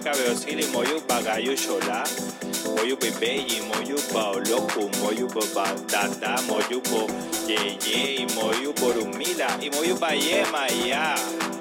Kabeosili, Moyu Bagayu Shola, Moyu Bebeyi, Moyu Baoloku, Moyu Batata, Moyu Yeye, Moyu Borumila, y Moyu Bayema, ya.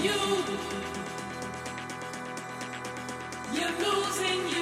you. You're losing you.